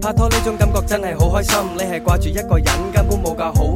拍拖呢種感覺真係好開心，你係掛住一個人，根本冇架好。